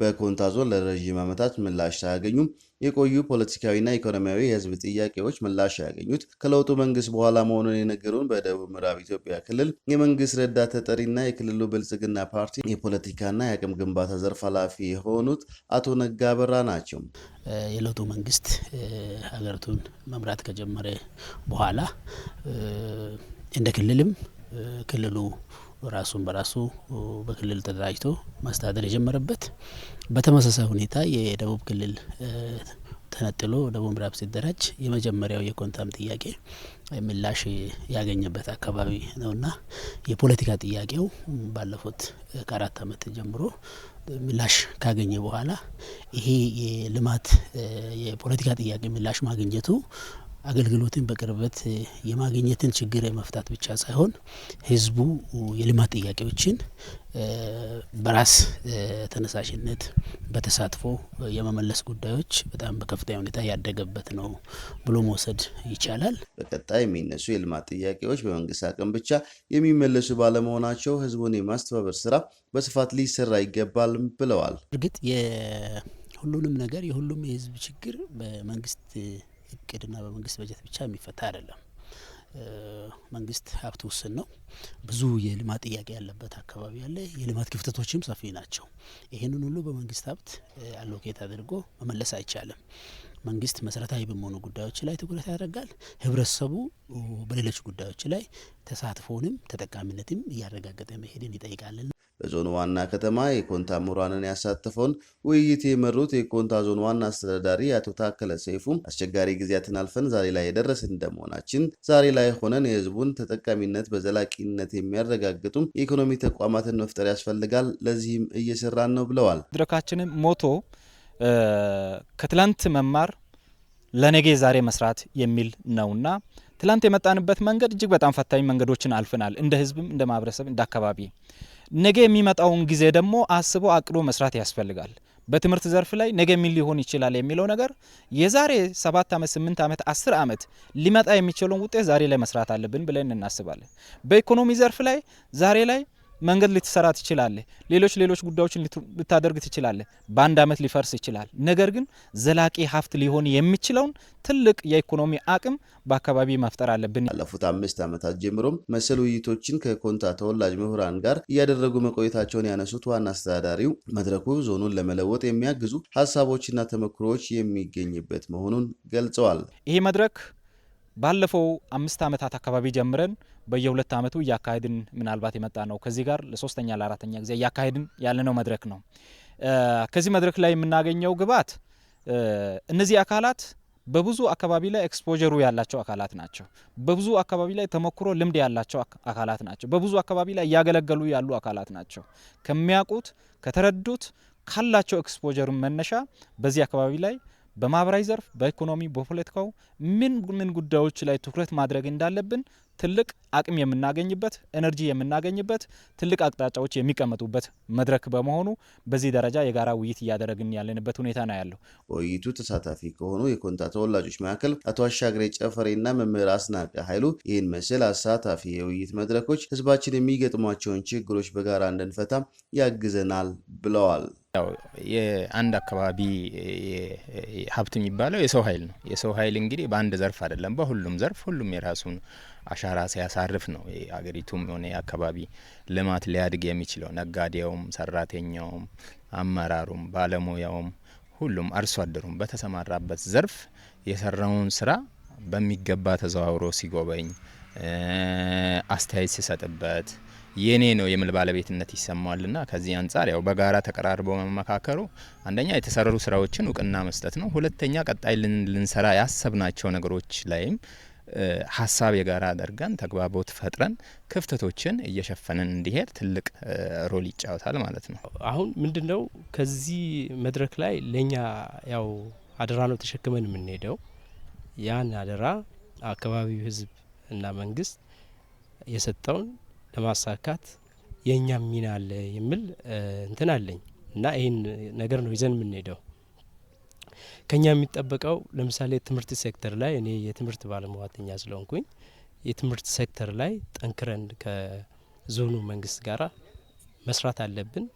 በኮንታ ዞን ለረዥም ዓመታት ምላሽ ሳያገኙም የቆዩ ፖለቲካዊና ኢኮኖሚያዊ የህዝብ ጥያቄዎች ምላሽ ያገኙት ከለውጡ መንግስት በኋላ መሆኑን የነገሩን በደቡብ ምዕራብ ኢትዮጵያ ክልል የመንግስት ረዳት ተጠሪና የክልሉ ብልጽግና ፓርቲ የፖለቲካና የአቅም ግንባታ ዘርፍ ኃላፊ የሆኑት አቶ ነጋ በራ ናቸው። የለውጡ መንግስት ሀገሪቱን መምራት ከጀመረ በኋላ እንደ ክልልም ክልሉ ራሱን በራሱ በክልል ተደራጅቶ ማስተዳደር የጀመረበት በተመሳሳይ ሁኔታ የደቡብ ክልል ተነጥሎ ደቡብ ምዕራብ ሲደራጅ የመጀመሪያው የኮንታም ጥያቄ ምላሽ ያገኘበት አካባቢ ነውና የፖለቲካ ጥያቄው ባለፉት ከአራት ዓመት ጀምሮ ምላሽ ካገኘ በኋላ ይሄ የልማት የፖለቲካ ጥያቄ ምላሽ ማግኘቱ አገልግሎትን በቅርበት የማግኘትን ችግር የመፍታት ብቻ ሳይሆን ህዝቡ የልማት ጥያቄዎችን በራስ ተነሳሽነት በተሳትፎ የመመለስ ጉዳዮች በጣም በከፍተኛ ሁኔታ ያደገበት ነው ብሎ መውሰድ ይቻላል። በቀጣይ የሚነሱ የልማት ጥያቄዎች በመንግስት አቅም ብቻ የሚመለሱ ባለመሆናቸው ህዝቡን የማስተባበር ስራ በስፋት ሊሰራ ይገባል ብለዋል። እርግጥ የሁሉንም ነገር የሁሉም የህዝብ ችግር በመንግስት እቅድና በመንግስት በጀት ብቻ የሚፈታ አይደለም። መንግስት ሀብት ውስን ነው። ብዙ የልማት ጥያቄ ያለበት አካባቢ ያለ የልማት ክፍተቶችም ሰፊ ናቸው። ይህንን ሁሉ በመንግስት ሀብት አሎኬት አድርጎ መመለስ አይቻልም። መንግስት መሰረታዊ በመሆኑ ጉዳዮች ላይ ትኩረት ያደርጋል። ህብረተሰቡ በሌሎች ጉዳዮች ላይ ተሳትፎንም ተጠቃሚነትም እያረጋገጠ መሄድን ይጠይቃለን። በዞኑ ዋና ከተማ የኮንታ ምሁራንን ያሳተፈውን ውይይት የመሩት የኮንታ ዞን ዋና አስተዳዳሪ አቶ ታከለ ሰይፉም አስቸጋሪ ጊዜያትን አልፈን ዛሬ ላይ የደረስን እንደመሆናችን ዛሬ ላይ ሆነን የህዝቡን ተጠቃሚነት በዘላቂነት የሚያረጋግጡም የኢኮኖሚ ተቋማትን መፍጠር ያስፈልጋል። ለዚህም እየሰራን ነው ብለዋል። መድረካችንም ሞቶ ከትላንት መማር ለነገ ዛሬ መስራት የሚል ነውና ትላንት የመጣንበት መንገድ እጅግ በጣም ፈታኝ መንገዶችን አልፈናል። እንደ ህዝብም፣ እንደ ማህበረሰብ፣ እንደ አካባቢ ነገ የሚመጣውን ጊዜ ደግሞ አስቦ አቅዶ መስራት ያስፈልጋል። በትምህርት ዘርፍ ላይ ነገ ምን ሊሆን ይችላል የሚለው ነገር የዛሬ ሰባት ዓመት ስምንት ዓመት አስር ዓመት ሊመጣ የሚችለውን ውጤት ዛሬ ላይ መስራት አለብን ብለን እናስባለን። በኢኮኖሚ ዘርፍ ላይ ዛሬ ላይ መንገድ ልትሰራ ትችላለህ። ሌሎች ሌሎች ጉዳዮችን ልታደርግ ትችላለህ። በአንድ ዓመት ሊፈርስ ይችላል። ነገር ግን ዘላቂ ሀብት ሊሆን የሚችለውን ትልቅ የኢኮኖሚ አቅም በአካባቢ መፍጠር አለብን። ያለፉት አምስት ዓመታት ጀምሮም መሰል ውይይቶችን ከኮንታ ተወላጅ ምሁራን ጋር እያደረጉ መቆየታቸውን ያነሱት ዋና አስተዳዳሪው መድረኩ ዞኑን ለመለወጥ የሚያግዙ ሀሳቦችና ተመክሮዎች የሚገኝበት መሆኑን ገልጸዋል። ይሄ መድረክ ባለፈው አምስት ዓመታት አካባቢ ጀምረን በየሁለት ዓመቱ እያካሄድን ምናልባት የመጣ ነው። ከዚህ ጋር ለሶስተኛ ለአራተኛ ጊዜ እያካሄድን ያለነው መድረክ ነው። ከዚህ መድረክ ላይ የምናገኘው ግብዓት እነዚህ አካላት በብዙ አካባቢ ላይ ኤክስፖጀሩ ያላቸው አካላት ናቸው። በብዙ አካባቢ ላይ ተሞክሮ ልምድ ያላቸው አካላት ናቸው። በብዙ አካባቢ ላይ እያገለገሉ ያሉ አካላት ናቸው። ከሚያውቁት ከተረዱት ካላቸው ኤክስፖጀር መነሻ በዚህ አካባቢ ላይ በማህበራዊ ዘርፍ፣ በኢኮኖሚ፣ በፖለቲካው ምን ምን ጉዳዮች ላይ ትኩረት ማድረግ እንዳለብን ትልቅ አቅም የምናገኝበት ኤነርጂ የምናገኝበት ትልቅ አቅጣጫዎች የሚቀመጡበት መድረክ በመሆኑ በዚህ ደረጃ የጋራ ውይይት እያደረግን ያለንበት ሁኔታ ነው ያለው። ውይይቱ ተሳታፊ ከሆኑ የኮንታ ተወላጆች መካከል አቶ አሻግሬ ጨፈሬና መምህር አስናቀ ኃይሉ ይህን መሰል አሳታፊ የውይይት መድረኮች ህዝባችን የሚገጥሟቸውን ችግሮች በጋራ እንድንፈታ ያግዘናል ብለዋል። ያው የአንድ አካባቢ ሀብት የሚባለው የሰው ኃይል ነው። የሰው ኃይል እንግዲህ በአንድ ዘርፍ አይደለም፣ በሁሉም ዘርፍ ሁሉም የራሱን አሻራ ሲያሳርፍ ነው አገሪቱም የሆነ የአካባቢ ልማት ሊያድግ የሚችለው። ነጋዴውም፣ ሰራተኛውም፣ አመራሩም፣ ባለሙያውም፣ ሁሉም አርሶ አደሩም በተሰማራበት ዘርፍ የሰራውን ስራ በሚገባ ተዘዋውሮ ሲጎበኝ አስተያየት ሲሰጥበት የኔ ነው የሚል ባለቤትነት ይሰማዋልና ከዚህ አንጻር ያው በጋራ ተቀራርበው መመካከሩ አንደኛ የተሰረሩ ስራዎችን እውቅና መስጠት ነው። ሁለተኛ ቀጣይ ልንሰራ ያሰብናቸው ነገሮች ላይም ሀሳብ የጋራ አድርገን ተግባቦት ፈጥረን ክፍተቶችን እየሸፈንን እንዲሄድ ትልቅ ሮል ይጫወታል ማለት ነው። አሁን ምንድን ነው ከዚህ መድረክ ላይ ለእኛ ያው አደራ ነው ተሸክመን የምንሄደው። ያን አደራ አካባቢው ህዝብ እና መንግስት የሰጠውን ለማሳካት የእኛም ሚና አለ የሚል እንትን አለኝ እና ይህን ነገር ነው ይዘን የምንሄደው። ከኛ የሚጠበቀው ለምሳሌ ትምህርት ሴክተር ላይ እኔ የትምህርት ባለሙያተኛ ስለሆንኩኝ የትምህርት ሴክተር ላይ ጠንክረን ከዞኑ መንግስት ጋር መስራት አለብን።